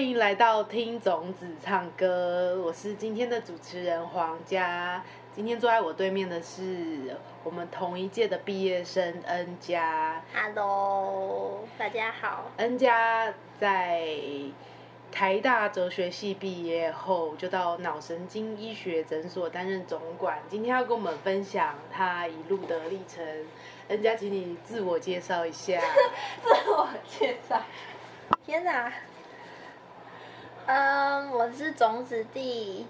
歡迎來到聽種籽唱歌，我是今天的主持人黃迦。今天坐在我對面的是我們同一屆的畢業生恩佳。Hello，大家好。恩佳在台大哲學系畢業後，就到腦神經醫學診所擔任總管。今天要跟我們分享他一路的歷程。恩佳，請你自我介紹一下。 自我介紹。天哪！嗯、um，我是種子第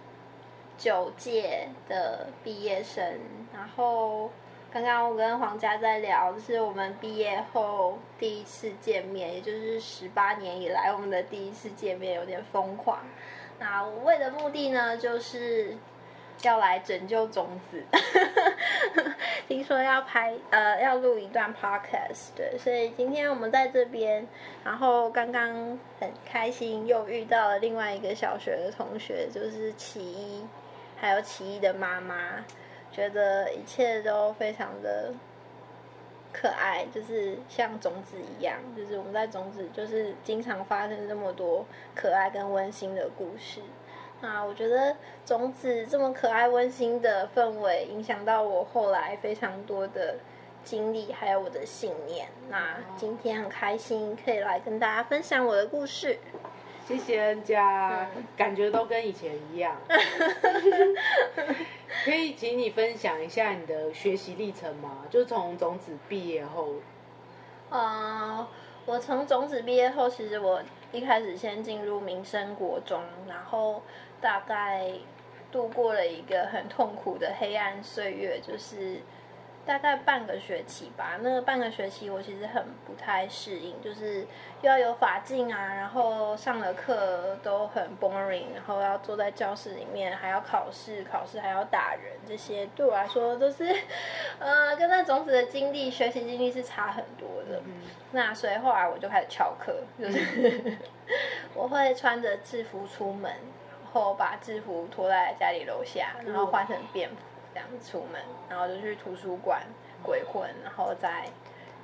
九屆的畢業生。然後剛剛我跟黃迦在聊，就是我們畢業後第一次見面，也就是十八年以來我們的第一次見面，有點瘋狂。那我為的目的呢，就是。要來拯救種子， 聽說要拍呃要錄一段 podcast，對，所以今天我們在這邊，然後剛剛很開心又遇到了另外一個小學的同學，就是奇一，還有奇一的媽媽，覺得一切都非常的可愛，就是像種子一樣，就是我們在種子就是經常發生這麼多可愛跟溫馨的故事。啊、uh,，我覺得種籽這麼可愛溫馨的氛圍，影響到我後來非常多的經歷，還有我的信念，嗯。那今天很開心可以來跟大家分享我的故事，謝謝人家，嗯，感覺都跟以前一樣。 可以請你分享一下你的學習歷程嗎？就從種籽畢業後，啊、uh,，我從種籽畢業後，其實我。一開始先進入民生國中，然後大概度過了一個很痛苦的黑暗歲月，就是。大概半個學期吧，那個半個學期我其實很不太適應，就是又要有髮禁啊，然後上了課都很 boring，然後要坐在教室裡面，還要考試，考試還要打人，這些對我、啊、來說都是，呃，跟那種籽的經歷，學習經歷是差很多的。嗯嗯，那所以後來我就開始翹課，就是嗯嗯 我會穿着制服出門，然後把制服脫在家裡樓下，然後換成便服。Okay 出門，然後就去圖書館鬼混，然後再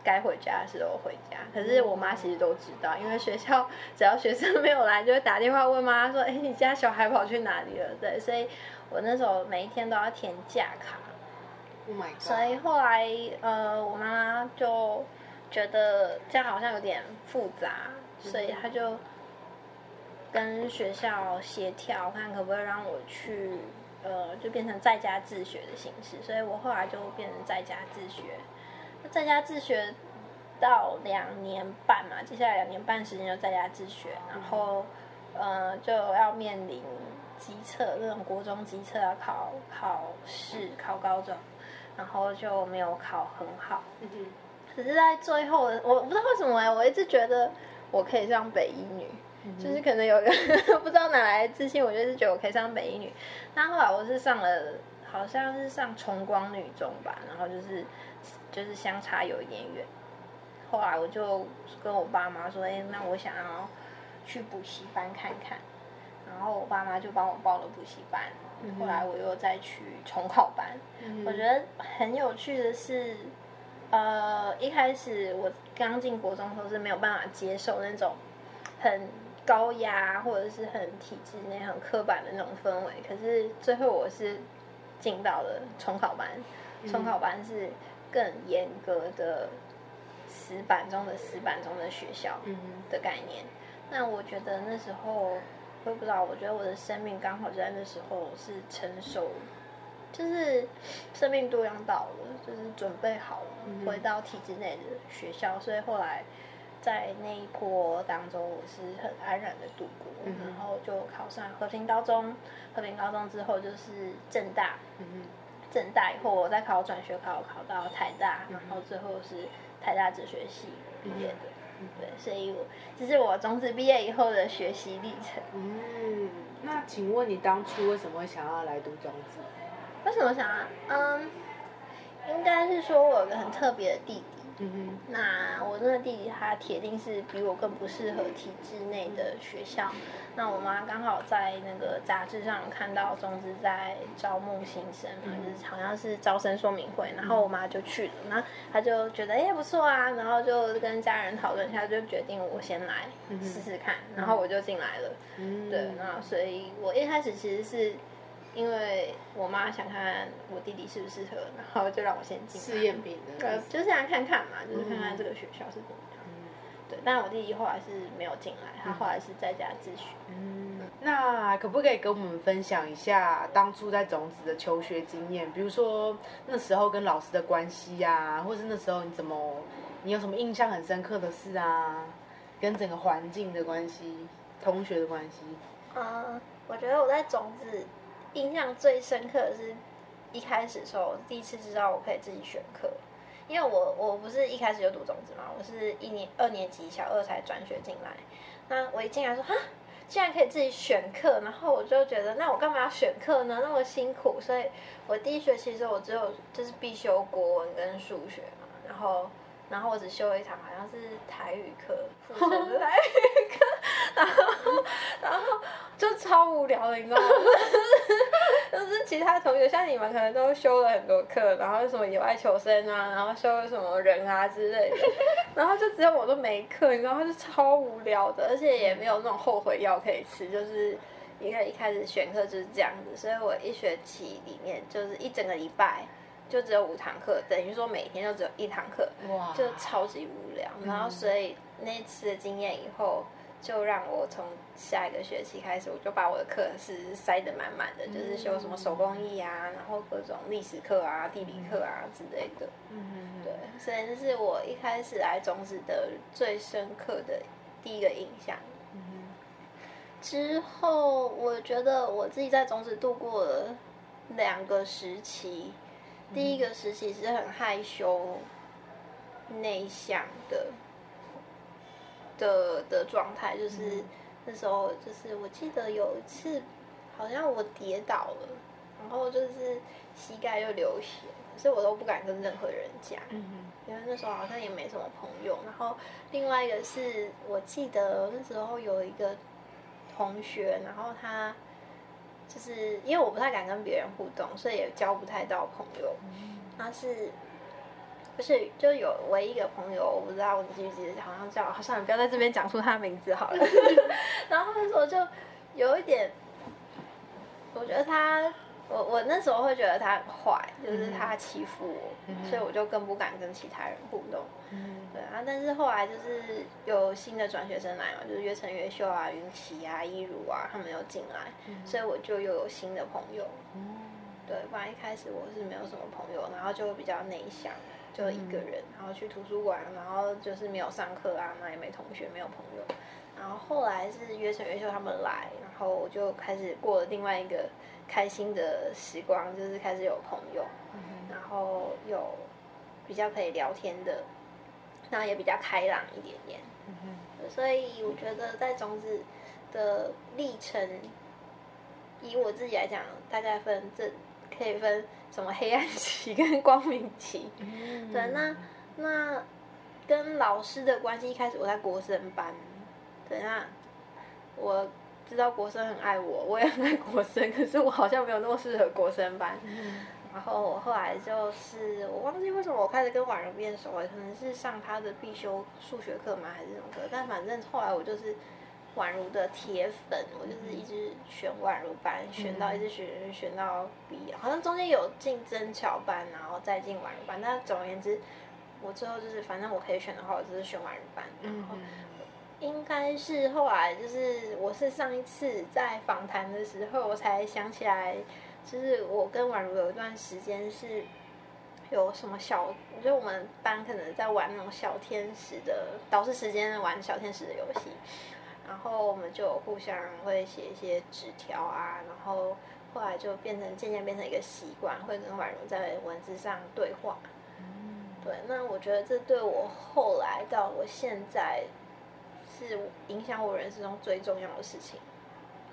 該回家的時候回家。可是我媽其實都知道，因為學校只要學生沒有來，就會打電話問媽說：“哎、欸，你家小孩跑去哪裡了？”對，所以我那時候每一天都要填假卡。Oh my god！所以後來呃，我媽媽就覺得這樣好像有點複雜，所以她就跟學校協調，看可不可以讓我去。呃，就變成在家自學的形式，所以我後來就變成在家自學，在家自學到兩年半嘛，接下來兩年半時間就在家自學，然後呃就要面臨基測，那種國中基測要考考試考高中，然後就沒有考很好，嗯嗯。只是在最後我不知道為什麼哎、欸，我一直覺得我可以上北一女。就是可能有一個不知道哪來的自信，我就是覺得我可以上北一女，那後來我是上了，好像是上崇光女中吧，然後就是就是相差有一點遠。後來我就跟我爸媽說，哎、欸，那我想要去補習班看看，然後我爸媽就幫我報了補習班，後來我又再去重考班。嗯嗯，我覺得很有趣的是，呃，一開始我剛進國中的時候是沒有辦法接受那種很。高壓或者是很體制內、很刻板的那種氛圍，可是最後我是進到了重考班。嗯、重考班是更嚴格的、死板中的死板中的學校的概念。嗯、那我覺得那時候我不知道，我覺得我的生命剛好就在那時候是成熟，就是生命度量到了，就是準備好了、嗯、回到體制內的學校，所以後來。在那一波當中，我是很安然的度過、嗯，然後就考上和平高中。和平高中之後就是政大，政、嗯、大以後我再考轉學考，考到台大，嗯、然後最後是台大哲學系畢業的、嗯。對，所以我，這是我種籽畢業以後的學習歷程。嗯，那請問你當初為什麼會想要來讀種籽？為什麼想啊？嗯，應該是說我有個很特別的弟弟。嗯嗯。那我那個弟弟他鐵定是比我更不適合體制內的學校。那我媽剛好在那個雜誌上看到種籽在招募新生、嗯，就是好像是招生說明會，然後我媽就去了，然後她就覺得哎、欸、不錯啊，然後就跟家人討論一下，就決定我先來試試看、嗯，然後我就進來了。嗯，對，那所以我一開始其實是。因為我媽想看，看我弟弟適不適合，然後就讓我先試。試驗品。就是想、就是、看看嘛、嗯，就是看看這個學校是怎麼樣。樣、嗯、對，但我弟弟後來是沒有進來，嗯、他後來是在家自學、嗯嗯。那可不可以跟我們分享一下當初在種子的求學經驗？比如說那時候跟老師的關係呀、啊，或是那時候你怎麼，你有什麼印象很深刻的事啊？跟整個環境的關係，同學的關係。嗯，我覺得我在種子。印象最深刻的是，一開始的時候，第一次知道我可以自己選課，因為我我不是一開始就讀種籽嘛，我是一年二年級小二才轉學進來，那我一進來說哈，竟然可以自己選課，然後我就覺得那我幹嘛要選課呢？那麼辛苦，所以我第一學期的時候我只有就是必修國文跟數學嘛，然後。然後我只修了一場，好像是台語課，是是台語課，然後然後就超無聊的，你知道嗎？就是、就是、其他同學像你們可能都修了很多課，然後什麼野外求生啊，然後修了什麼人啊之類的，然後就只有我都沒課，你知道嗎？就超無聊的，而且也沒有那種後悔藥可以吃，就是應該一開始選課就是這樣子，所以我一學期裡面就是一整個禮拜。就只有五堂課，等於說每天就只有一堂課哇，就超級無聊。嗯、然後，所以那次的經驗以後，就讓我從下一個學期開始，我就把我的課是塞得滿滿的，就是修什麼手工藝啊、嗯，然後各種歷史課啊、地理課啊、嗯、之類的、嗯。對，所以這是我一開始來種子的最深刻的第一個印象。嗯、之後，我覺得我自己在種子度過了兩個時期。嗯、第一個時期是很害羞、內向的的的狀態，就是那時候，就是我記得有一次，好像我跌倒了，然後就是膝蓋就流血，所以我都不敢跟任何人講、嗯嗯，因為那時候好像也沒什麼朋友。然後，另外一個是我記得那時候有一個同學，然後他。就是因為我不太敢跟別人互動，所以也交不太到朋友。但、嗯、是，不是就有唯一一個朋友？我不知道我記不記得，好像叫……好像你不要在這邊講出他的名字好了。 然後那時候就有一點，我覺得他，我我那時候會覺得他很壞，就是他欺負我，嗯、所以我就更不敢跟其他人互動。嗯嗯啊、但是後來就是有新的轉學生來嘛，就是約陳月秀啊、雲奇啊、一如啊，他們又進來，所以我就又有新的朋友。嗯、對，不然一開始我是沒有什麼朋友，然後就比較內向，就一個人，嗯、然後去圖書館，然後就是沒有上課啊，那也沒同學，沒有朋友。然後後來是約陳月秀他們來，然後我就開始過了另外一個開心的時光，就是開始有朋友，嗯、然後有比較可以聊天的。然後也比較開朗一點點，所以我覺得在種籽的歷程，以我自己來講，大概分這可以分什麼黑暗期跟光明期。對，那那跟老師的關係，一開始我在國生班，對，那我知道國生很愛我，我也很愛國生，可是我好像沒有那麼適合國生班。然後我後來就是我忘記為什麼我開始跟婉如變熟了，可能是上他的必修數學課嗎，還是什麼課？但反正後來我就是婉如的鐵粉，我就是一直選婉如班，嗯、選到一直選選到畢業、嗯，好像中間有進真巧班，然後再進婉如班。但總而言之，我最後就是反正我可以選的話，我就是選婉如班。然後應該是後來就是我是上一次在訪談的時候我才想起來。就是我跟婉如有一段時間是有什麼小，我覺得我們班可能在玩那種小天使的，導師時間玩小天使的遊戲，然後我們就互相會寫一些紙條啊，然後後來就變成漸漸變成一個習慣，會跟婉如在文字上對話。嗯，對，那我覺得這對我後來到我現在是影響我人生中最重要的事情。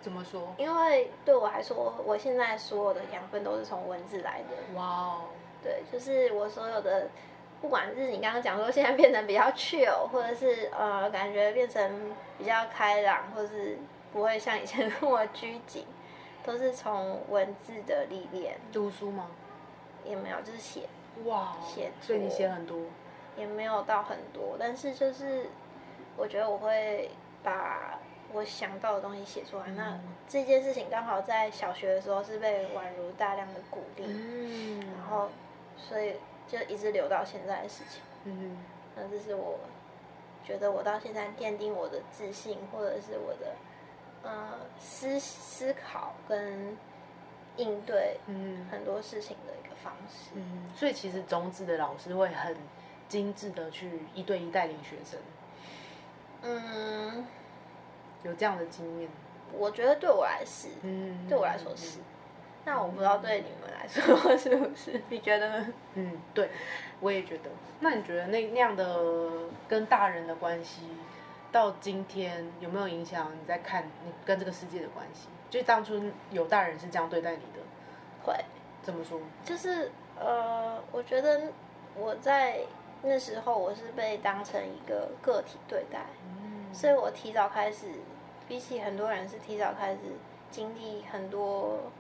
怎麼說？因為對我來說，我現在所有的養分都是從文字來的。哇哦！對，就是我所有的，不管是你剛剛講說現在變成比較 chill，或者是呃，感覺變成比較開朗，或是不會像以前那麼拘謹，都是從文字的歷練。讀書嗎？也沒有，就是寫。哇。Wow。寫。所以你寫很多。也沒有到很多，但是就是，我覺得我會把。我想到的東西寫出來，嗯，那這件事情剛好在小學的時候是被婉如大量的鼓勵，嗯、然後所以就一直留到現在的事情。嗯，那這是我覺得我到現在奠定我的自信，或者是我的、呃、思思考跟應對很多事情的一個方式。嗯，所以其實種籽的老師會很精致的去一對一帶領學生。嗯。有這樣的經驗，我覺得對我來說，嗯，對我來說是。那、嗯、我不知道對你們來說是不是？你覺得呢？嗯，對，我也覺得。那你覺得那那樣的跟大人的關係，到今天有沒有影響你，在看你跟這個世界的關係？就當初有大人是這樣對待你的。會。怎麼說？就是呃，我覺得我在那時候我是被當成一個個體對待，嗯，所以我提早開始。比起很多人是提早開始經歷很多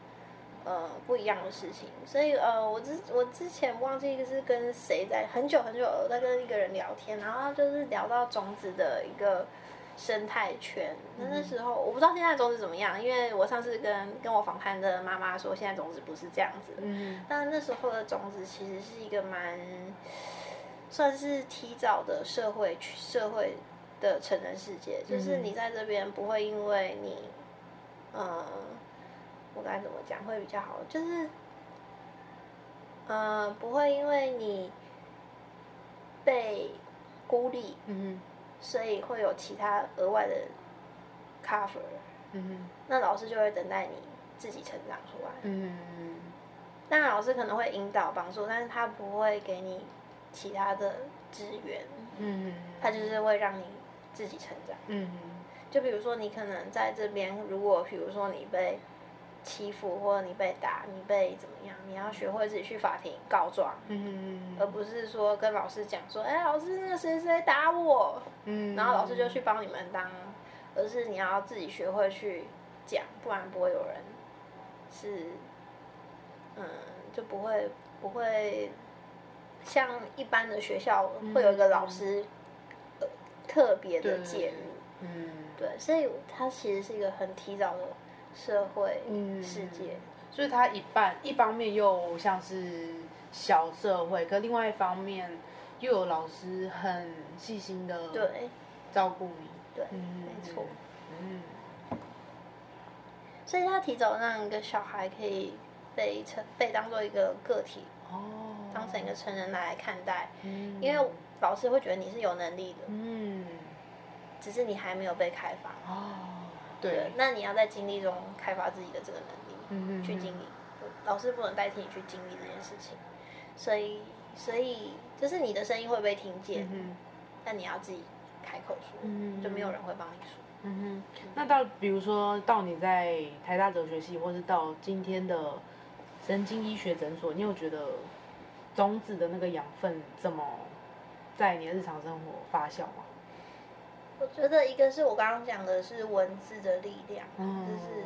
呃不一樣的事情，所以呃我之我之前忘記是跟誰在很久很久我在跟一個人聊天，然後就是聊到種子的一個生態圈。那、嗯、那時候我不知道現在種子怎麼樣，因為我上次跟跟我訪談的媽媽說現在種子不是這樣子，嗯，但那時候的種子其實是一個蠻算是提早的社會社會。的成人世界，就是你在這邊不會因為你，嗯、呃，我該怎麼講會比較好？就是，呃，不會因為你被孤立，嗯哼，所以會有其他額外的 cover，嗯哼，那老師就會等待你自己成長出來，嗯哼，當然老師可能會引導幫助，但是他不會給你其他的資源，嗯哼，他就是會讓你，自己成長。嗯。就比如說，你可能在這邊，如果比如說你被欺負，或者你被打，你被怎麼樣，你要學會自己去法庭告狀。嗯。而不是說跟老師講說：“哎，老師，那個誰誰打我。”嗯。然後老師就去幫你們當，而是你要自己學會去講，不然不會有人是嗯，就不會不會像一般的學校會有一個老師。嗯特別的介入，嗯，對，所以它其實是一個很提早的，社會世界，嗯、所以它一半一方面又像是小社會，可另外一方面又有老師很細心的對照顧你，對，對、嗯，沒錯，嗯，所以它提早讓一個小孩可以被成被當做一個個體哦，當成一個成人來，來看待，嗯，因為。老師會覺得你是有能力的，嗯，只是你還沒有被開發哦對。對，那你要在經歷中開發自己的這個能力，嗯嗯，去經歷。老師不能代替你去經歷這件事情，所以所以就是你的聲音會被聽見，嗯，但你要自己開口說，嗯，就沒有人會幫你說，嗯哼。那到，比如說到你在台大哲學系，或是到今天的神經醫學診所，你有覺得種籽的那個養分這麼？在你的日常生活發酵嗎？我覺得一個是我剛剛講的，是文字的力量，嗯、就是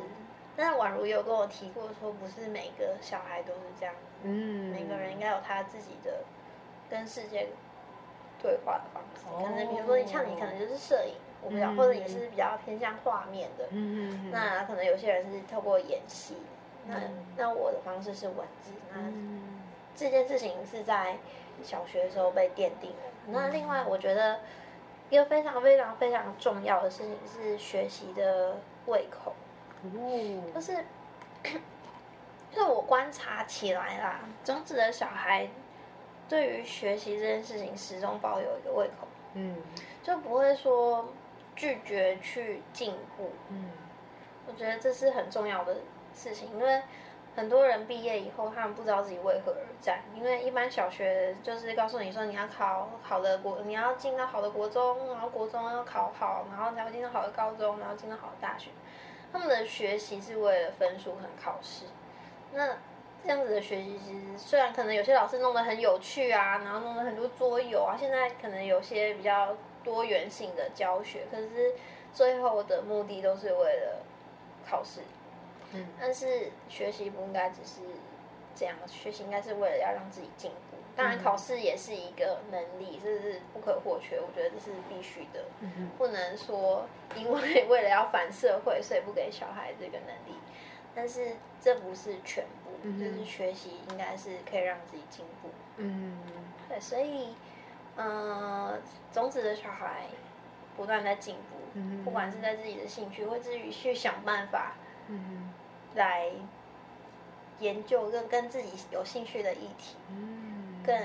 但婉如有跟我提過說，不是每個小孩都是這樣的，嗯，每個人應該有他自己的跟世界對話的方式，哦、可能比如說你像你，可能就是攝影，我比較、嗯、或者也是比較偏向畫面的，嗯嗯，那可能有些人是透過演戲、嗯，那那我的方式是文字、嗯，那這件事情是在小學的時候被奠定了。那、嗯、另外，我覺得一個非常非常非常重要的事情是學習的胃口，哦、就是就是我觀察起來啦，種籽的小孩對於學習這件事情始終保有一個胃口，嗯，就不會說拒絕去進步，嗯，我覺得這是很重要的事情，因為。很多人畢業以後，他們不知道自己為何而戰，因為一般小學就是告訴你說你要考好的國，你要進到好的國中，然後國中要考好，然後才會進到好的高中，然後進到好的大學。他們的學習是為了分數和考試。那這樣子的學習，其實雖然可能有些老師弄得很有趣啊，然後弄了很多桌遊啊，現在可能有些比較多元性的教學，可是最後的目的都是為了考試。嗯、但是學習不應該只是這樣，學習應該是為了要讓自己進步。當然，考試也是一個能力、嗯，這是不可或缺。我覺得這是必須的、嗯，不能說因為為了要反社會，所以不給小孩這個能力。但是這不是全部，嗯、就是學習應該是可以讓自己進步。嗯，對，所以，呃，種子的小孩不斷在進步、嗯，不管是在自己的興趣，或自己去想辦法。嗯。來研究更跟，跟自己有興趣的議題，更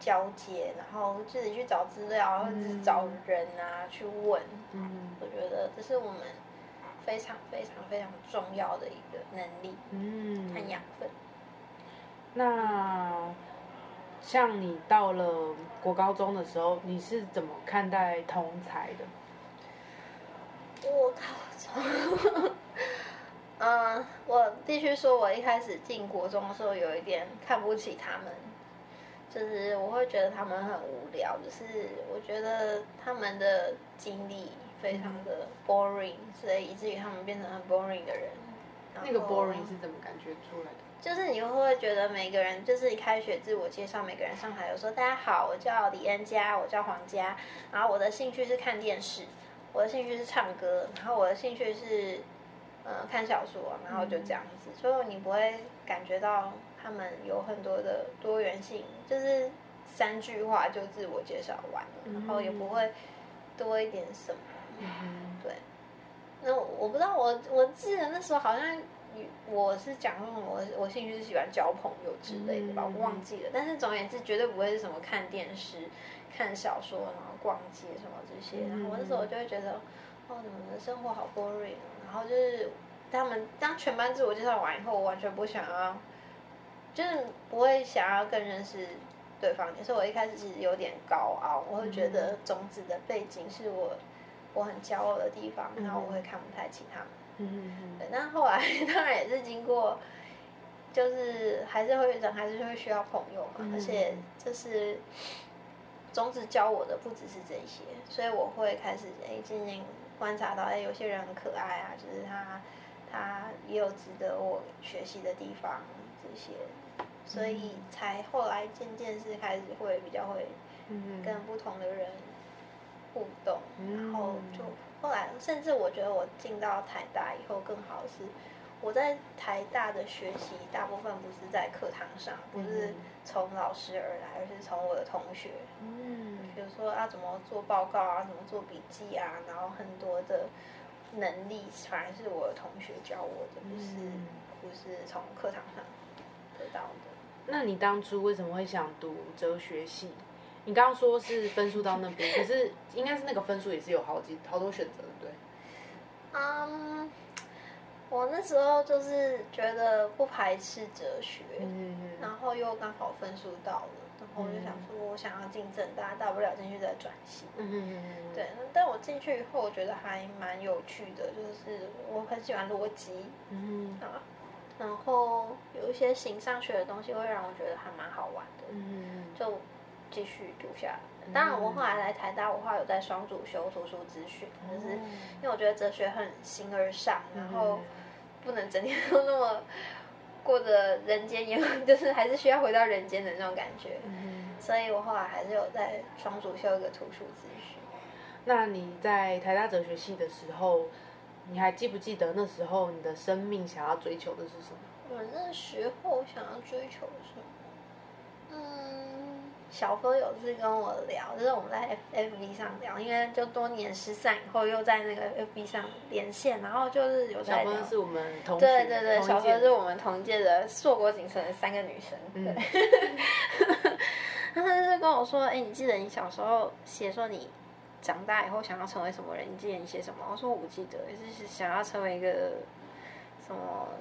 交接、嗯，然後自己去找資料、嗯，或者是找人啊去問、嗯。我覺得這是我們非常非常非常重要的一個能力，嗯，和養分。那像你到了國高中的時候，你是怎麼看待同才的？我靠！嗯、uh,，我必須說，我一開始進國中的時候有一點看不起他們，就是我會覺得他們很無聊，就是我覺得他們的經歷非常的 boring，、mm -hmm. 所以以至於他們變成很 boring 的人、mm -hmm.。那個 boring 是怎麼感覺出來的？就是你會不會覺得每個人，就是你開學自我介紹，每個人上台，就說大家好，我叫李恩佳，我叫黃佳，然後我的興趣是看電視，我的興趣是唱歌，然後我的興趣是。呃，看小說，然後就這樣子、嗯，所以你不會感覺到他們有很多的多元性，就是三句話就自我介紹完了，了、嗯，然後也不會多一點什麼，嗯、對。那我不知道我，我我記得那時候好像，我是講我我興趣是喜歡交朋友之類的吧，嗯、我忘記了。但是總而言之，絕對不會是什麼看電視、看小說，然後逛街什麼這些。嗯、然後那時候我就會覺得，哦，怎麼你們的生活好 boring、啊。然後就是，他們當全班自我介紹完以後，我完全不想要，就是不會想要更認識對方。所以我一開始其實有點高傲，我會覺得種子的背景是我我很驕傲的地方，然後我會看不太起他們。嗯嗯。對，那後來當然也是經過，就是還是會人還是會需要朋友嘛，嗯、而且就是種子教我的不只是這些，所以我會開始哎漸漸。觀察到哎，有些人很可愛啊，就是他，他也有值得我學習的地方這些，所以才後來漸漸是開始會比較會跟不同的人互動，嗯、然後就後來，甚至我覺得我進到台大以後更好是，我在台大的學習大部分不是在課堂上，不是從老師而來，而是從我的同學。嗯，比如說啊，怎麼做報告啊，怎麼做筆記啊，然後很多的能力，反而是我的同學教我的，嗯、不是不是從課堂上得到的。那你當初為什麼會想讀哲學系？你剛剛說是分數到那邊， 可是應該是那個分數也是有好幾好多選擇，對？嗯、um...。我那時候就是覺得不排斥哲學，嗯、然後又剛好分數到了，嗯、然後我就想說，我想要競爭，大家大不了進去再轉系。嗯對，但我進去以後，我覺得還蠻有趣的，就是我很喜歡邏輯，嗯、啊、然後有一些形上學的東西會讓我覺得還蠻好玩的。嗯，就繼續讀下來。嗯、當然，我後來來台大，我還有在雙主修圖書資訊，就是因為我覺得哲學很形而上，嗯、然後。不能整天都那麼過着人間煙，就是還是需要回到人間的那種感覺、嗯。所以我後來還是有在雙主修一個圖書資訊。那你在台大哲學系的時候，你還記不記得那時候你的生命想要追求的是什麼？我、嗯、那時候想要追求什麼？嗯。小哥有次跟我聊，就是我們在 F F B 上聊，因為就多年失散以後又在那個 F B 上連線，然後就是有小哥，是我們同。對對對，小哥是我們同屆的，的碩果僅存的三個女生。對、嗯、 他就是跟我說：“哎、欸，你記得你小時候寫說你長大以後想要成為什麼人？你記得你寫什麼？”我說：“我不記得，就是想要成為一個什麼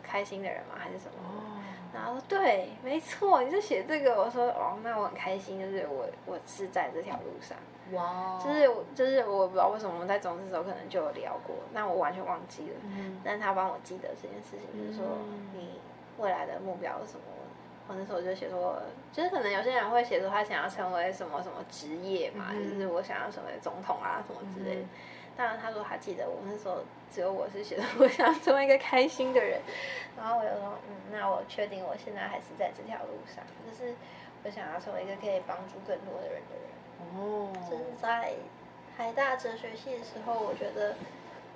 開心的人嗎？還是什麼。”哦。然後對，沒錯，你就寫這個。我說哦，那我很開心，就是我我是在這條路上。哇、wow！就是就是我不知道為什麼我們在中四時候可能就有聊過，那我完全忘記了。嗯。但他幫我記得這件事情，就是說你未來的目標是什麼、嗯？我那時候就寫說，就是可能有些人會寫說他想要成為什麼什麼職業嘛，嗯、就是我想要成為總統啊什麼之類的。嗯。當然，他說他記得我，那時候只有我是覺得，我想成為一個開心的人。然後我就說，嗯，那我確定我現在還是在這條路上，就是我想要成為一個可以幫助更多的人的人。哦、oh。就是在台大哲學系的時候，我覺得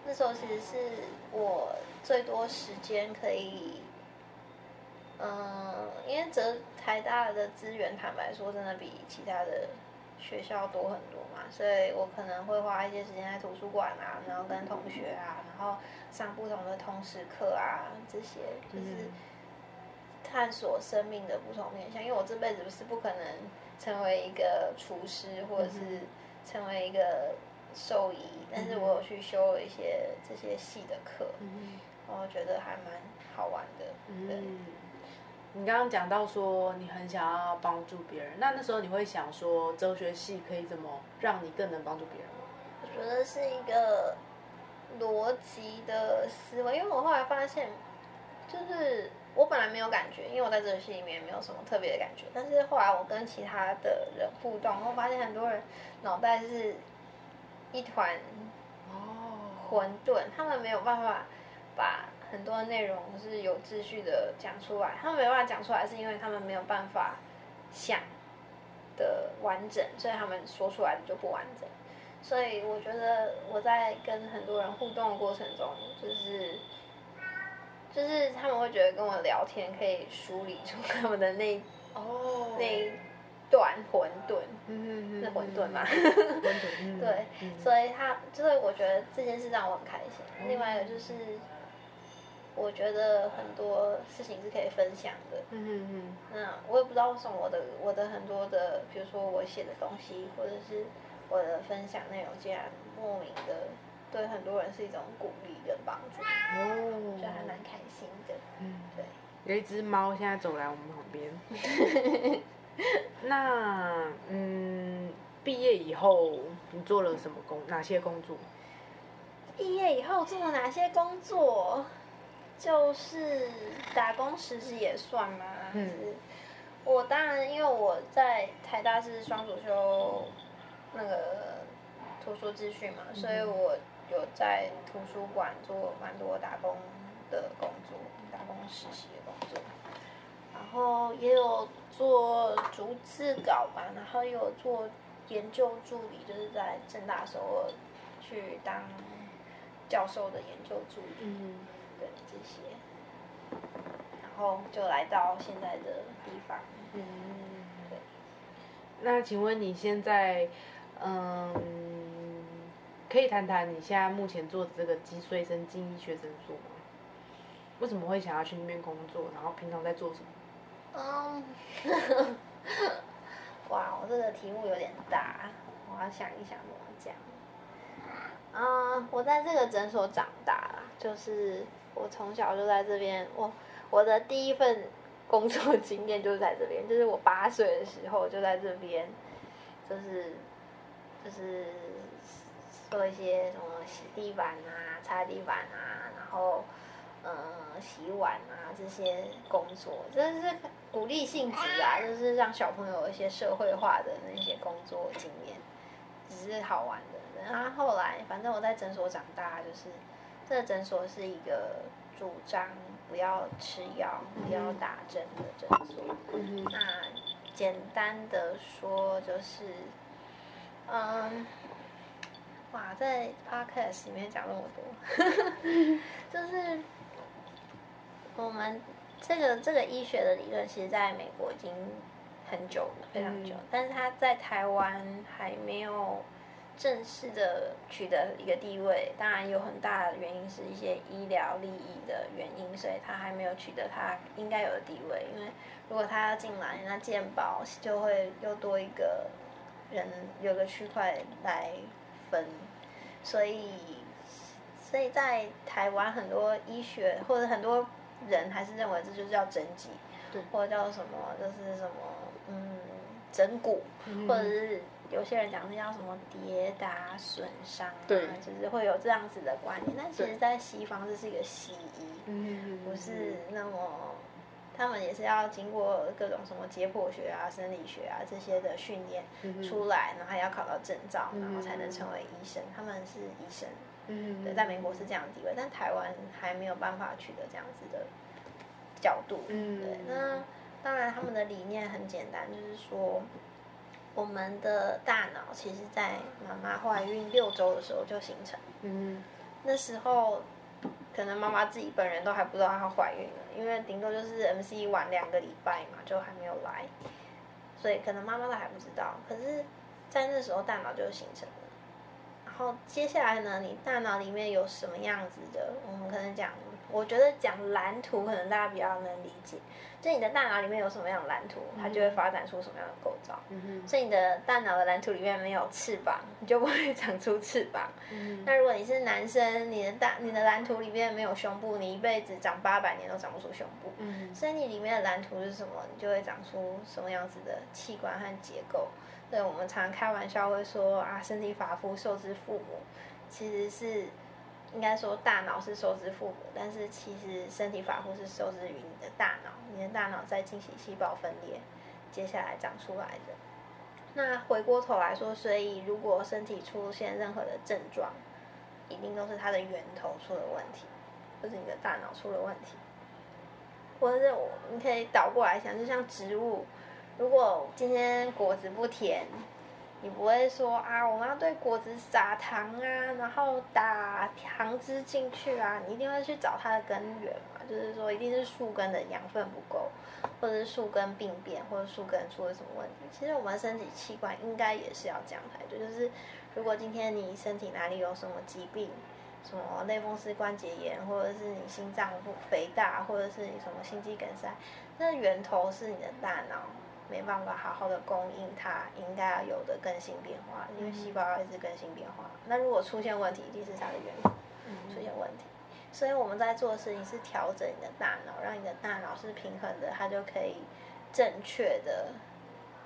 那時候其實是我最多時間可以，嗯，因為哲，台大的資源，坦白說，真的比其他的。學校多很多嘛，所以我可能會花一些時間在圖書館啊，然後跟同學啊，嗯、然後上不同的通識課啊，這些就是探索生命的不同面向。因為我這輩子不是不可能成為一個廚師或者是成為一個獸醫，嗯、但是我有去修了一些這些系的課，嗯、然後覺得還蠻好玩的。嗯。對你剛剛講到說你很想要幫助別人，那那時候你會想說哲學系可以怎麼讓你更能幫助別人嗎？我覺得是一個邏輯的思維，因為我後來發現，就是我本來沒有感覺，因為我在這個系裡面沒有什麼特別的感覺，但是後來我跟其他的人互動，我發現很多人腦袋是一團哦混沌，他們沒有辦法把。很多的內容是有秩序的講出來，他們沒辦法講出來，是因為他們沒有辦法想的完整，所以他們說出來的就不完整。所以我覺得我在跟很多人互動的過程中，就是就是他們會覺得跟我聊天可以梳理出他們的那哦那一段混沌，嗯嗯嗯，那、嗯、混沌嘛，混沌嗯、 對、嗯，所以他就是我覺得這件事讓我很開心。哦、另外一個就是。我覺得很多事情是可以分享的。嗯嗯嗯。那我也不知道為什麼我的我的很多的，比如說我寫的東西或者是我的分享內容，竟然莫名的對很多人是一種鼓勵跟幫助，哦，就還蠻開心的。嗯，對。有一隻貓現在走來我們旁邊。 那嗯，畢業以後你做了什麼工？哪些工作？畢業以後做了哪些工作？就是打工實習也算嘛、啊嗯。我當然，因為我在台大是雙主修，那個圖書資訊嘛、嗯，所以我有在圖書館做蠻多打工的工作，打工實習的工作。然後也有做逐字稿吧，然後也有做研究助理，就是在政大的時候去當教授的研究助理。嗯對這些，然後就來到現在的地方。嗯，那請問你現在，嗯，可以談談你現在目前做的這個脊椎神經醫學診所嗎？為什麼會想要去那邊工作？然後平常在做什麼？嗯呵呵，哇，我這個題目有點大，我要想一想怎麼講。啊、嗯，我在這個診所長大啦，就是。我從小就在這邊，我我的第一份工作經驗就是在這邊，就是我八歲的時候就在這邊，就是就是做一些什麼洗地板啊、擦地板啊，然後嗯洗碗啊這些工作，這、就是鼓勵性質啊，就是讓小朋友有一些社會化的那些工作經驗，只是好玩的。然後後來，反正我在診所長大，就是。這個診所是一個主張不要吃藥、不要打針的診所。嗯、那簡單的說就是，嗯，哇，在 Podcast 裡面講那麼多， 就是我們這個這個醫學的理論，其實在美國已經很久、了，非常久了，嗯，但是它在台灣還沒有。正式的取得一個地位，當然有很大的原因是一些醫療利益的原因，所以他還沒有取得他應該有的地位。因為如果他要進來，那健保就會又多一個人，有個區塊來分，所以，所以在台灣很多醫學或者很多人還是認為這就是叫整脊，或者叫什麼，就是什麼嗯，整骨、嗯，或者是。有些人講那叫什麼跌打損傷啊，對，就是會有這樣子的觀念。但其實，在西方這是一個西醫，不是那麼，他們也是要經過各種什麼解剖學啊、生理學啊這些的訓練，出來、嗯，然後還要考到證照、嗯，然後才能成為醫生。他們是醫生，嗯、對，在美國是這樣的地位，但台灣還沒有辦法取得這樣子的角度。嗯、對，那當然他們的理念很簡單，就是說。我們的大腦其實在媽媽懷孕六周的時候就形成。嗯，那時候可能媽媽自己本人都還不知道她懷孕了，因為頂多就是 MC 晚兩個禮拜嘛，就還沒有來，所以可能媽媽都還不知道。可是，在那時候大腦就形成了。然後接下來呢，你大腦裡面有什麼樣子的？我們可能講。我覺得講藍圖可能大家比較能理解，就你的大腦裡面有什麼樣的藍圖，它就會發展出什麼樣的構造，嗯哼。所以你的大腦的藍圖裡面沒有翅膀，你就不會長出翅膀。嗯、那如果你是男生，你的大你的藍圖裡面沒有胸部，你一輩子長八百年都長不出胸部，嗯。所以你裡面的藍圖是什麼，你就會長出什麼樣子的器官和結構。所以我們常開玩笑會說啊，身體髮膚受之父母，其實是。應該說大腦是受之父母，但是其實身體髮膚是受之於你的大腦，你的大腦在進行細胞分裂，接下來長出來的。那回過頭來說，所以如果身體出現任何的症狀，一定都是它的源頭出了問題，或是你的大腦出了問題，或是我你可以倒過來想，就像植物，如果今天果子不甜。你不會說啊，我們要對果子撒糖啊，然後打糖汁進去啊，你一定會去找它的根源嘛，嗯、就是說一定是樹根的養分不夠，或者是樹根病變，或者樹根出了什麼問題。其實我們身體器官應該也是要這樣排隊，就是如果今天你身體哪裡有什麼疾病，什麼類風濕關節炎，或者是你心臟不肥大，或者是你什麼心肌梗塞，那源頭是你的大腦。沒辦法好好的供應它應該有的更新變化，因為細胞一直更新變化。那、嗯嗯、如果出現問題，一定是它的原因。嗯嗯出現問題，所以我們在做的事情是調整你的大腦，讓你的大腦是平衡的，它就可以正確的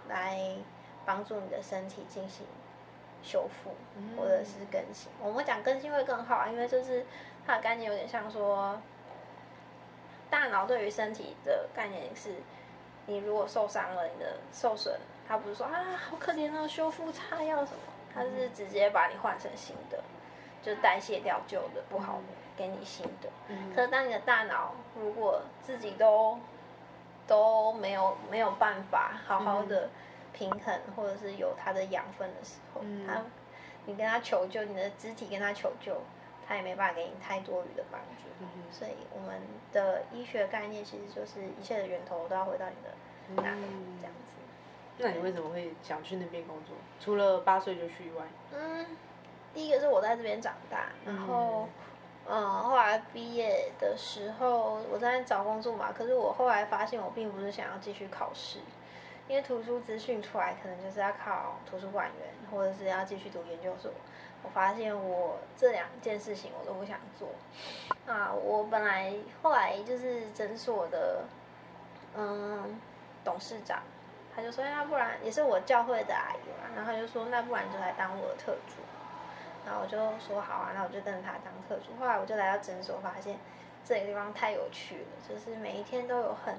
來幫助你的身體進行修復嗯嗯或者是更新。我們講更新會更好，因為就是它的概念有點像說，大腦對於身體的概念是。你如果受傷了，你的受損，他不是說，啊好可憐啊，修復擦藥什麼？他是直接把你換成新的，就代謝掉舊的不好的、嗯，給你新的、嗯。可是當你的大腦如果自己都都沒有沒有辦法好好的平衡，嗯、或者是有它的養分的時候，他、嗯、你跟他求救，你的肢體跟他求救。他也沒辦法給你太多餘的幫助，所以我們的醫學概念其實就是一切的源頭都要回到你的那這樣子、嗯。那你為什麼會想去那邊工作？除了八歲就去以外，嗯，第一個是我在這邊長大，然後，嗯，嗯，後來畢業的時候，我在那邊找工作嘛，可是我後來發現我並不是想要繼續考試，因為圖書資訊出來可能就是要考圖書館員，或者是要繼續讀研究所。我發現我這兩件事情我都不想做，啊，我本來後來就是診所的，嗯，董事長，他就說那不然，也是我教會的阿姨嘛，然後他就說那不然你就來當我的特助，然後我就說好啊，然後我就跟他當特助，後來我就來到診所，發現這個地方太有趣了，就是每一天都有很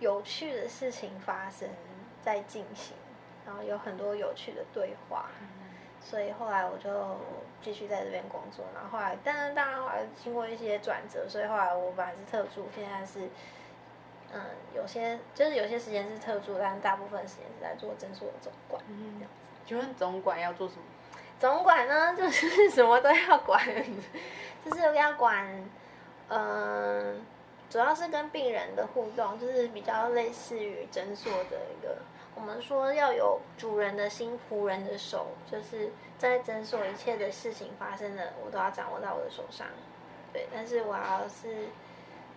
有趣的事情發生在進行，然後有很多有趣的對話。所以後來我就繼續在這邊工作，然後後來，但是當然後來經過一些轉折，所以後來我本來是特助，現在是，嗯，有些就是有些時間是特助，但是大部分時間是在做診所的總管。嗯，這樣子。嗯、請問總管要做什麼？總管呢，就是什麼都要管，就是要管，嗯、呃，主要是跟病人的互動，就是比較類似於診所的一個。我們說要有主人的心，僕人的手，就是在診所一切的事情發生的，我都要掌握在我的手上。對，但是我要是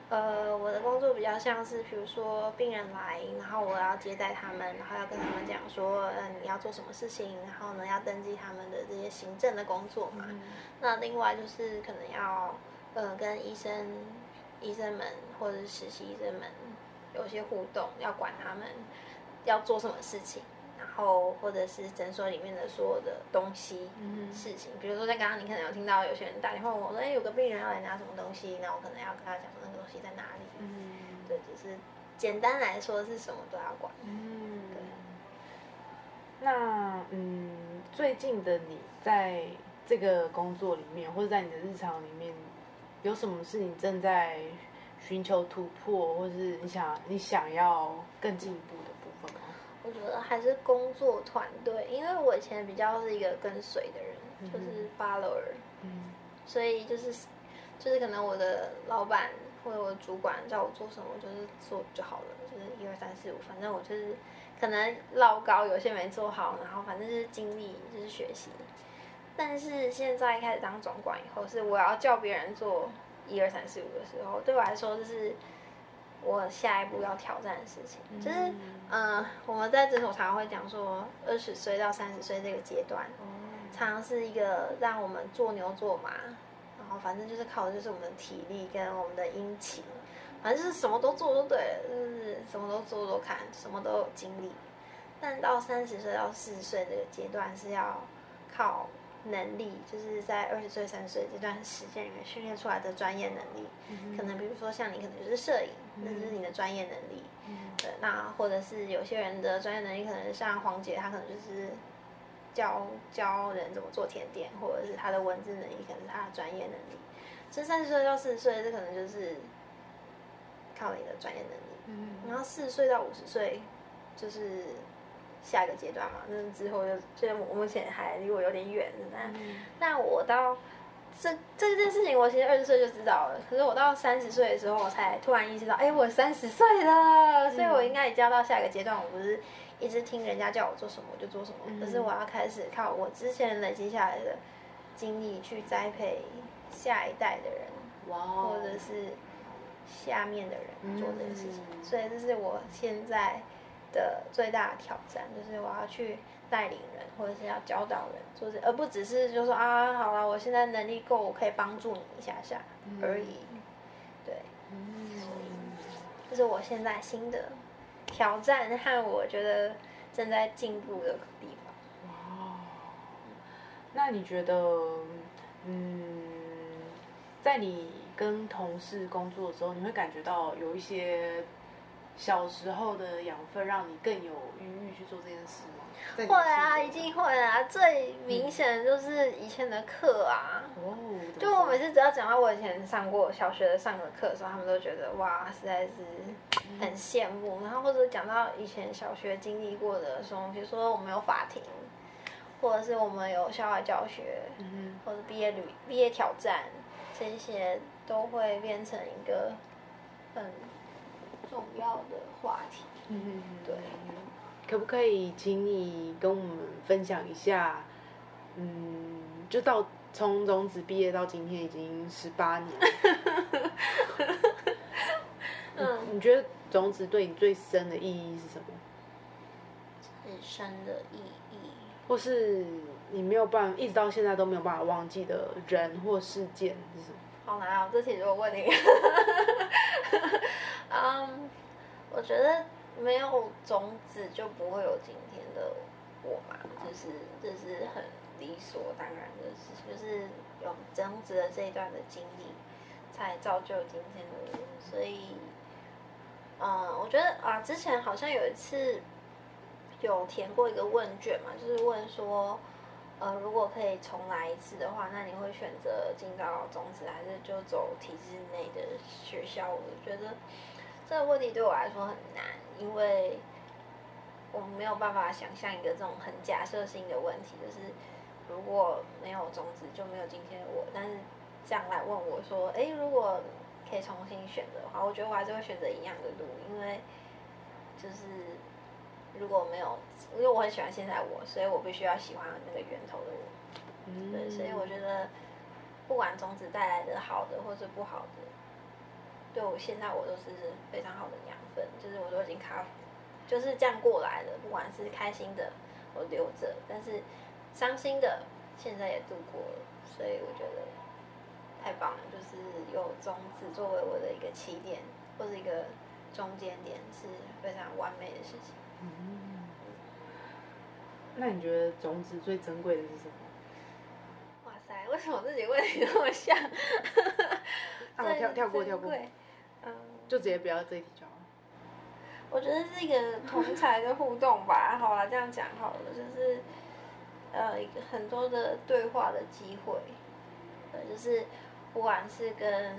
呃，我的工作比較像是，比如說病人來，然後我要接待他們，然後要跟他們講說，嗯、呃，你要做什麼事情，然後呢要登記他們的這些行政的工作嘛。嗯、那另外就是可能要呃跟醫生、醫生們或者實習醫生們有一些互動，要管他們。要做什麼事情，然後或者是診所裡面的所有的東西、嗯、事情，比如說在剛剛你可能有聽到有些人打電話，問我說哎、欸、有個病人要來拿什麼東西，那我可能要跟他講那個東西在哪裡、嗯。對，就是簡單來說是什麼都要管。嗯，對。那嗯，最近的你在這個工作裡面，或者在你的日常裡面，有什麼事情正在尋求突破，或是你想你想要更進一步的？嗯我覺得還是工作團隊，因為我以前比較是一個跟隨的人，嗯、就是 follower、嗯、所以就是就是可能我的老闆或者我的主管叫我做什麼，就是做就好了，就是一二三四五，反正我就是可能老高有些沒做好，然後反正就是經歷就是學習。但是現在一開始當總管以後，是我要叫別人做一二三四五的時候，對我來說就是。我下一步要挑戰的事情，嗯、就是，嗯、呃，我們在職場常常會講說，二十歲到三十歲這個階段、嗯，常常是一個讓我們做牛做馬，然後反正就是靠就是我們的體力跟我們的殷勤，反正就是什麼都做都對，就是什麼都做做看，什麼都有經歷。但到三十歲到四十歲這個階段是要靠。能力就是在二十歲、三十歲這段時間裡面訓練出來的專業能力，mm -hmm. 可能比如說像你，可能就是攝影，那、mm -hmm. 就是你的專業能力。Mm -hmm. 對，那或者是有些人的專業能力，可能像黃迦，她可能就是教教人怎麼做甜點，或者是她的文字能力，可能是她的專業能力。這三十歲到四十歲，這可能就是靠你的專業能力。嗯、mm -hmm.，然後四十歲到五十歲，就是。下一個階段嘛、啊，那之後就雖然我目前還離我有點遠，那、嗯、那我到這這件事情，我其實二十歲就知道了。可是我到三十歲的時候，我才突然意識到，哎，我三十歲了，所以我應該也要到下一個階段、嗯，我不是一直聽人家叫我做什麼我就做什麼，可、嗯、是我要開始靠我之前累積下來的經歷去栽培下一代的人哇，或者是下面的人做這件事情。嗯、所以這是我現在。的最大的挑戰就是我要去帶領人，或者是要教導人，就是而不只是就是說啊，好了，我現在能力夠，我可以幫助你一下下而已。嗯、對，這、嗯就是我現在新的挑戰和我覺得正在進步的地方。哇，那你覺得，嗯，在你跟同事工作的時候，你會感覺到有一些？小時候的養分，讓你更有餘裕去做這件事嗎？事會啊，一定會啊！最明顯的就是以前的課啊。嗯、哦。就我每次只要講到我以前上過小學的上的課的時候，他們都覺得哇，實在是很羨慕、嗯。然後或者講到以前小學經歷過的，時候比如說我們有法庭，或者是我們有校外教學，嗯、或者畢業旅、畢業挑戰，這些都會變成一個，嗯。重要的話題，嗯，對，可不可以請你跟我們分享一下？嗯，就到從種子畢業到今天已經十八年， 嗯，你覺得種子對你最深的意義是什麼？最深的意義，或是你沒有辦法，一直到現在都沒有辦法忘記的人或事件是什麼？好難啊！我之前如果問你。 嗯、um，我覺得沒有種子就不會有今天的我嘛，就是就是很理所當然的事，就是就是有種籽的這一段的經歷，才造就今天的我。所以，嗯，我覺得啊，之前好像有一次有填過一個問卷嘛，就是問說，呃，如果可以重來一次的話，那你會選擇進到種子，還是就走體制內的學校？我覺得。這個問題對我來說很難，因為我沒有辦法想象一個這種很假設性的問題，就是如果沒有種子就沒有今天的我。但是這樣來問我說：“誒，如果可以重新選擇的話，我覺得我還是會選擇一樣的路，因為就是如果沒有，因為我很喜歡現在我，所以我必須要喜歡那個源頭的人。對，所以我覺得不管種子帶來的好的或是不好的。”對，我現在我都是非常好的養分，就是我都已經卡，就是這樣過來了。不管是開心的我留着，但是傷心的現在也度過了，所以我覺得太棒了。就是有種子作為我的一個起點，或是一個中間點，是非常完美的事情。嗯，那你覺得種子最珍貴的是什麼？哇塞，為什麼自己問題那麼像？那我跳跳過，跳過。就直接不要這一題。我覺得是一個同儕的互動吧， 好吧、啊，這樣講好了，就是，呃，一個很多的對話的機會，呃，就是不管是跟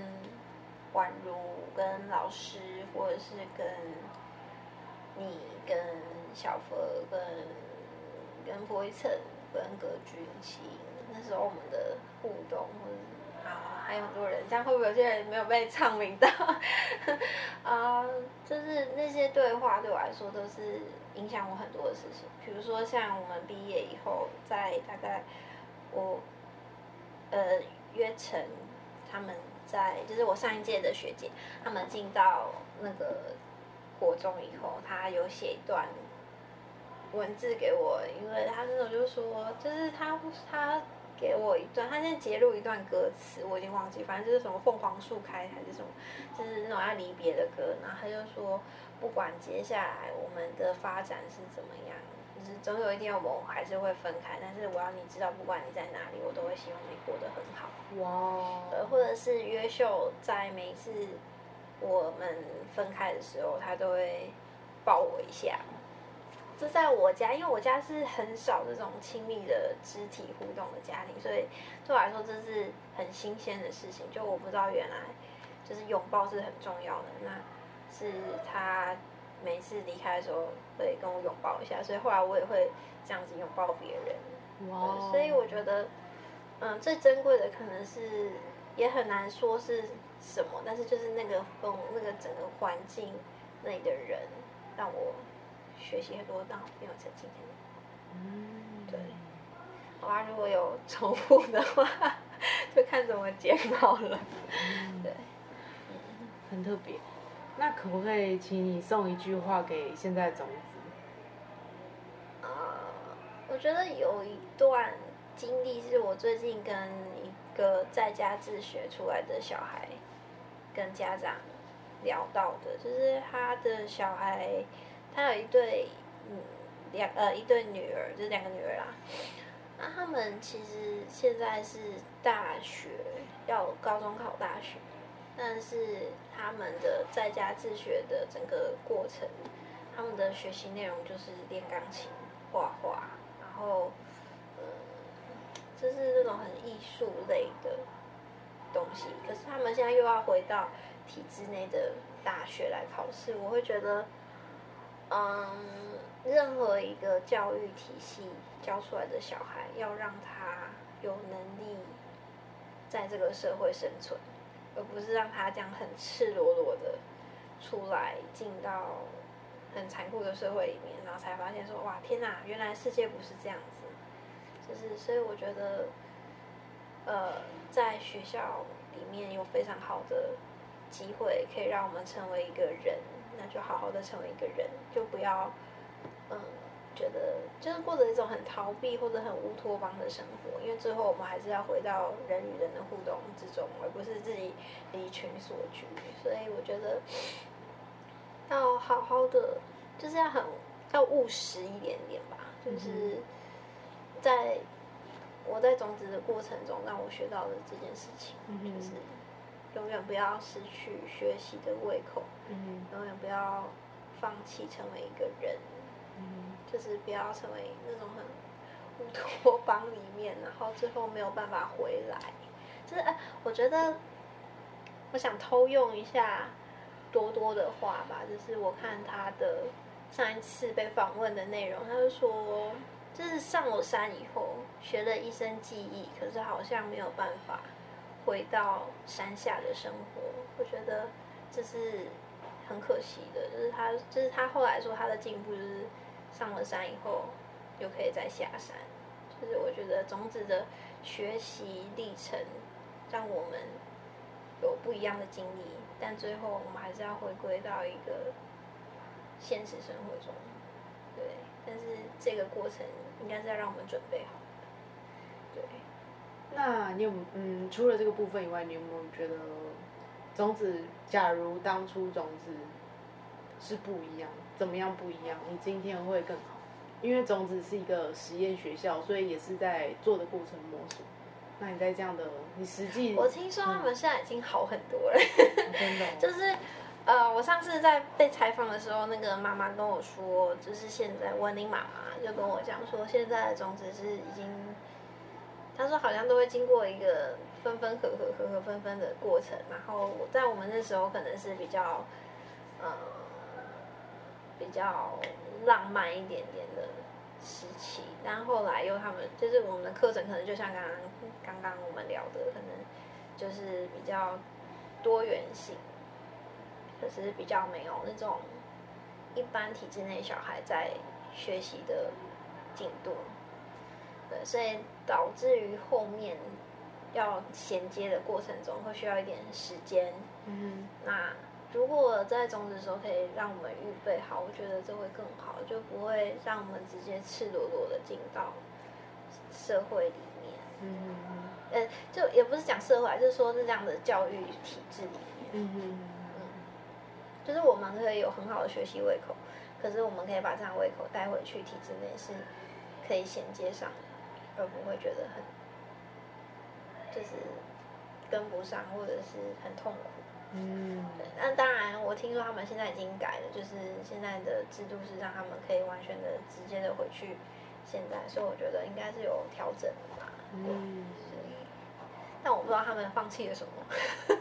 宛如、跟老師，或者是跟你、跟小佛、跟跟郭一成、跟葛俊起，那時候我們的互動或者。啊、oh,，還有很多人，像會不會有些人沒有被唱名到？啊、 uh,，就是那些對話對我來說都是影響我很多的事情。比如說，像我們畢業以後，在大概我呃約成他們在就是我上一屆的學姐，他們進到那個國中以後，他有寫一段文字給我，因為他那時候就是說，就是他他。給我一段，他先節錄一段歌詞，我已經忘記，反正就是什麼鳳凰樹開還是什麼，就是那種要離別的歌。然後他就說，不管接下來我們的發展是怎麼樣，就是總有一天我們還是會分開。但是我要你知道，不管你在哪裡，我都會希望你過得很好。哇！Wow！或者是約秀在每一次我們分開的時候，他都會抱我一下。這在我家，因為我家是很少這種親密的肢體互動的家庭，所以對我來說，這是很新鮮的事情，就我不知道原來就是擁抱是很重要的，那是他每次離開的時候會跟我擁抱一下，所以後來我也會這樣子擁抱別人。哇、wow. 嗯！所以我覺得，嗯，最珍貴的可能是也很難說是什麼，但是就是那個風，那個整個環境那裡的人讓我。學習很多，但我沒有在今天嗯，對。我如果有重複的話，就看怎麼解好了，嗯。對，很特別。那可不可以請你送一句話給現在的種子？啊，我覺得有一段經歷是我最近跟一個在家自學出來的小孩跟家長聊到的，就是他的小孩。還有一對，嗯，兩呃一對女兒，就是兩個女兒啦。那、啊、他們其實現在是大學，要高中考大學，但是他們的在家自學的整個過程，他們的學習內容就是練鋼琴、畫畫，然後，嗯，就是那種很藝術類的東西。可是他們現在又要回到體制內的大學來考試，我會覺得。嗯，任何一個教育體系教出來的小孩，要讓他有能力在這個社會生存，而不是讓他這樣很赤裸裸的出來，進到很殘酷的社會裡面，然後才發現說哇，天哪，原來世界不是這樣子。就是所以我覺得，呃，在學校裡面有非常好的機會，可以讓我們成為一個人。那就好好的成為一個人，就不要，嗯，覺得就是過着一種很逃避或者很烏托邦的生活，因為最後我們還是要回到人與人的互動之中，而不是自己離群索居。所以我覺得，要好好的，就是要很要務實一點點吧，就是在我在種籽的過程中讓我學到了這件事情。嗯永遠不要失去學習的胃口，永遠不要放棄成為一個人，嗯，就是不要成為那種很烏托邦裡面，然後最後沒有辦法回來。就是哎，啊，我覺得我想偷用一下多多的話吧，就是我看他的上一次被訪問的內容，他就說，就是上了山以後學了一身技藝，可是好像沒有辦法。回到山下的生活，我覺得這是很可惜的。就是他，就是他後來說他的進步就是上了山以後就可以再下山。就是我覺得種籽的學習歷程讓我們有不一樣的經歷，但最後我們還是要回歸到一個現實生活中，對。但是這個過程應該是要讓我們準備好。那你有，有嗯，除了這個部分以外，你有沒有覺得種籽？假如當初種籽是不一樣，怎麼樣不一樣？你今天會更好，因為種籽是一個實驗學校，所以也是在做的過程摸索。那你在這樣的，你實際我聽說他們現在已經好很多了，真、嗯、的 就是呃，我上次在被採訪的時候，那個媽媽跟我說，就是現在溫寧媽媽就跟我講說，現在的種籽是已經。他說：“好像都會經過一個分分合合、合合分分的過程。然後我在我們那時候可能是比較，呃、嗯，比較浪漫一點點的時期。但後來又他們就是我們的課程，可能就像剛剛剛剛我們聊的，可能就是比較多元性，可、就是比較沒有那種一般體制內小孩在學習的進度。”對、嗯，所以導致於後面要銜接的過程中，會需要一點時間。嗯，那如果在種籽的時候可以讓我們預備好，我覺得這會更好，就不會讓我們直接赤裸裸的進到社會裡面。嗯，嗯就也不是講社會，就是說是這樣的教育體制裡面。嗯，嗯就是我們可以有很好的學習胃口，可是我們可以把這樣胃口帶回去體制內，是可以銜接上的。而不會覺得很，就是跟不上，或者是很痛苦。嗯。那當然，我聽說他們現在已經改了，就是現在的制度是讓他們可以完全的、直接的回去。現在，所以我覺得應該是有調整的吧。嗯。所以，但我不知道他們放棄了什麼，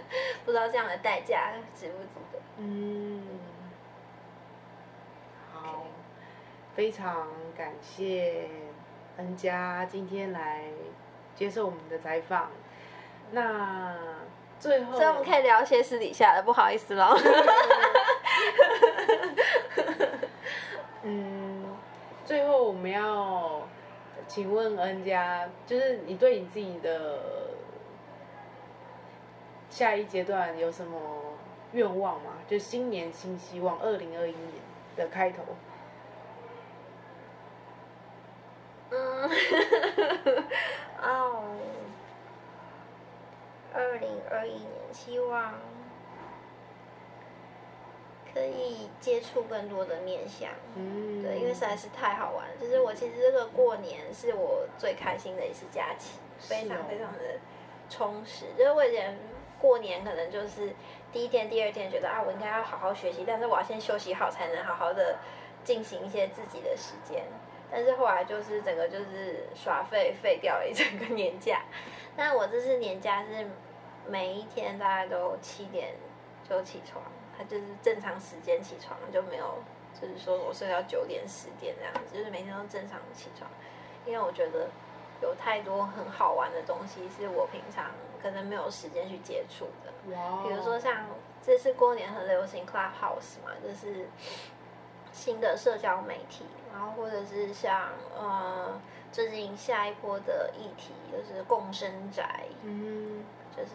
不知道這樣的代價值不值得。嗯。好，okay. 非常感謝。恩佳今天來接受我們的採訪，那最後，所以我們可以聊些私底下的，不好意思嘍。 嗯，最後我們要請問恩佳，就是你對你自己的下一階段有什麼願望嗎？就新年新希望，二零二一年的開頭。嗯，哈哈哈，哦，二零二一年，希望可以接觸更多的面向。嗯，對，因為實在是太好玩。就是我其實這個過年是我最開心的一次假期，非常非常的充實。就是我以前過年可能就是第一天、第二天覺得啊，我應該要好好學習，但是我要先休息好，才能好好的進行一些自己的時間。但是後來就是整個就是耍廢廢掉了一整個年假。那我這次年假是每一天大概都七點就起床，他就是正常時間起床，就沒有就是說我睡到九點十點這樣子，就是每天都正常起床，因為我覺得有太多很好玩的東西是我平常可能沒有時間去接觸的，比如說像這次過年很流行 clubhouse 嘛，就是。新的社交媒體，然後或者是像呃、嗯，最近下一波的議題就是共生宅，嗯，就是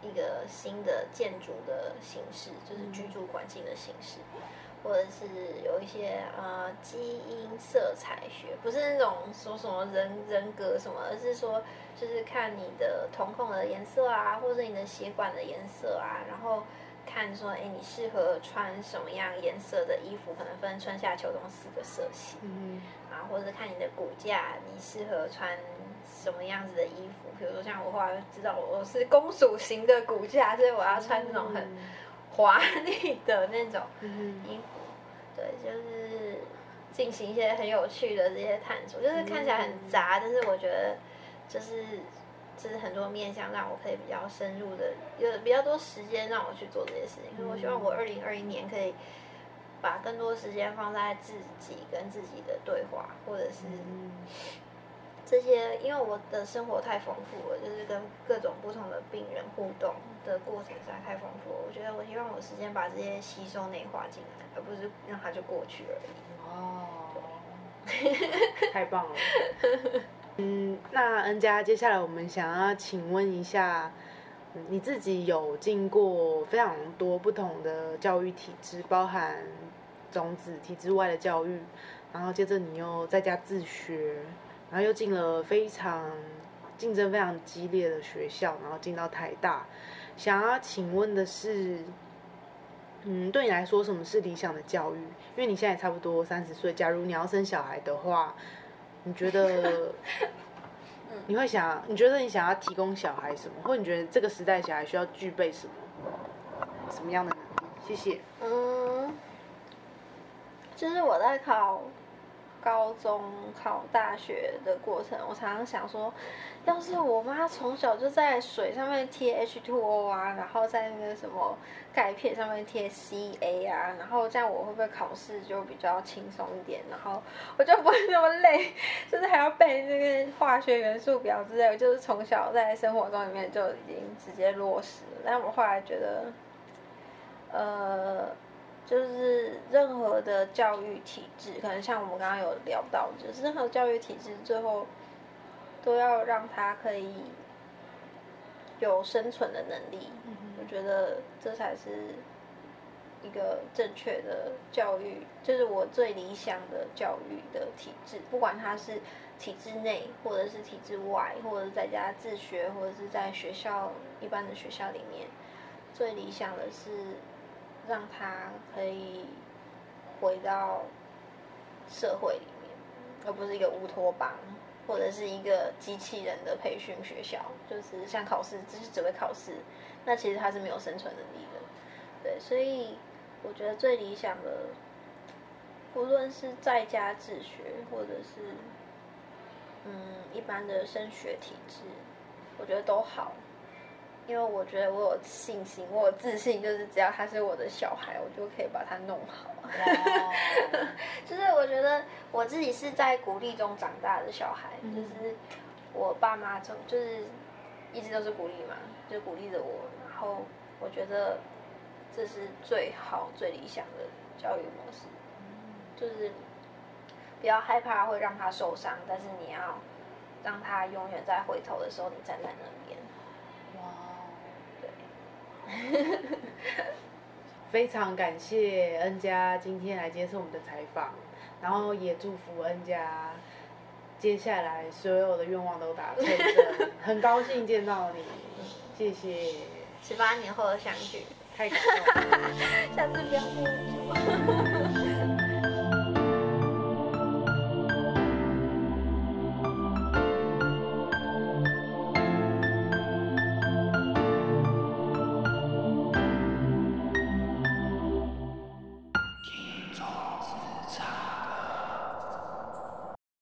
一個新的建築的形式，就是居住環境的形式，嗯，或者是有一些呃、嗯、基因色彩學，不是那種說什麼人人格什麼，而是說就是看你的瞳孔的顏色啊，或者你的血管的顏色啊，然後。看，說，哎，你適合穿什麼樣顏色的衣服？可能分春夏秋冬四個色系，嗯，啊，或者看你的骨架，你適合穿什麼樣子的衣服？比如說，像我後來知道，我我是公主型的骨架，所以我要穿那種很華麗的那種衣服，嗯。對，就是進行一些很有趣的這些探索，就是看起來很雜，但是我覺得就是。這是很多面向，讓我可以比較深入的，有比較多時間讓我去做這些事情。因為我希望我二零二一年可以把更多時間放在自己跟自己的對話，或者是這些，因為我的生活太豐富了，就是跟各種不同的病人互動的過程上太豐富了。我覺得我希望我時間把這些吸收內化進來，而不是讓它就過去而已。哦，太棒了！ 嗯，那恩佳，接下來我們想要請問一下，你自己有進過非常多不同的教育體制，包含種子體制外的教育，然後接着你又在家自學，然後又進了非常競爭非常激烈的學校，然後進到台大。想要請問的是，嗯，對你來說，什麼是理想的教育？因為你現在也差不多三十歲，假如你要生小孩的話。 你覺得，你會想要，你覺得你想要提供小孩什麼，或者你覺得這個時代小孩需要具備什麼，什麼樣的能力？謝謝。嗯，這、就是我在考。高中考大學的過程，我常常想說，要是我媽從小就在水上面貼 H2O 啊，然後在那個什麼鈣片上面貼 Ca 啊，然後這樣我會不會考試就比較輕鬆一點？然後我就不會那麼累，就是還要背那個化學元素表之類。就是從小在生活中裡面就已經直接落實了。但我後來覺得，呃。就是任何的教育體制，可能像我們剛剛有聊到，就是任何教育體制最後都要讓他可以有生存的能力。嗯。我覺得這才是一個正確的教育，就是我最理想的教育的體制，不管他是體制內，或者是體制外，或者在家自學，或者是在學校，一般的學校裡面，最理想的是。讓他可以回到社會裡面，而不是一個烏托邦，或者是一個機器人的培訓學校，就是像考試，只是只會考試，那其實他是沒有生存能力的。對，所以我覺得最理想的，不論是在家自學，或者是嗯一般的升學體制，我覺得都好。因為我覺得我有信心，我有自信，就是只要他是我的小孩，我就可以把他弄好。 就是我覺得我自己是在鼓勵中長大的小孩，嗯、就是我爸媽從就是一直都是鼓勵嘛，就鼓勵着我。然後我覺得這是最好最理想的教育模式，就是不要害怕會讓他受傷，但是你要讓他永遠在回頭的時候，你站在那邊。 非常感謝恩佳今天來接受我們的採訪，然後也祝福恩佳接下來所有的願望都達成。很高興見到你，謝謝。十八年後的相聚，太感動了。 下次不要那麼久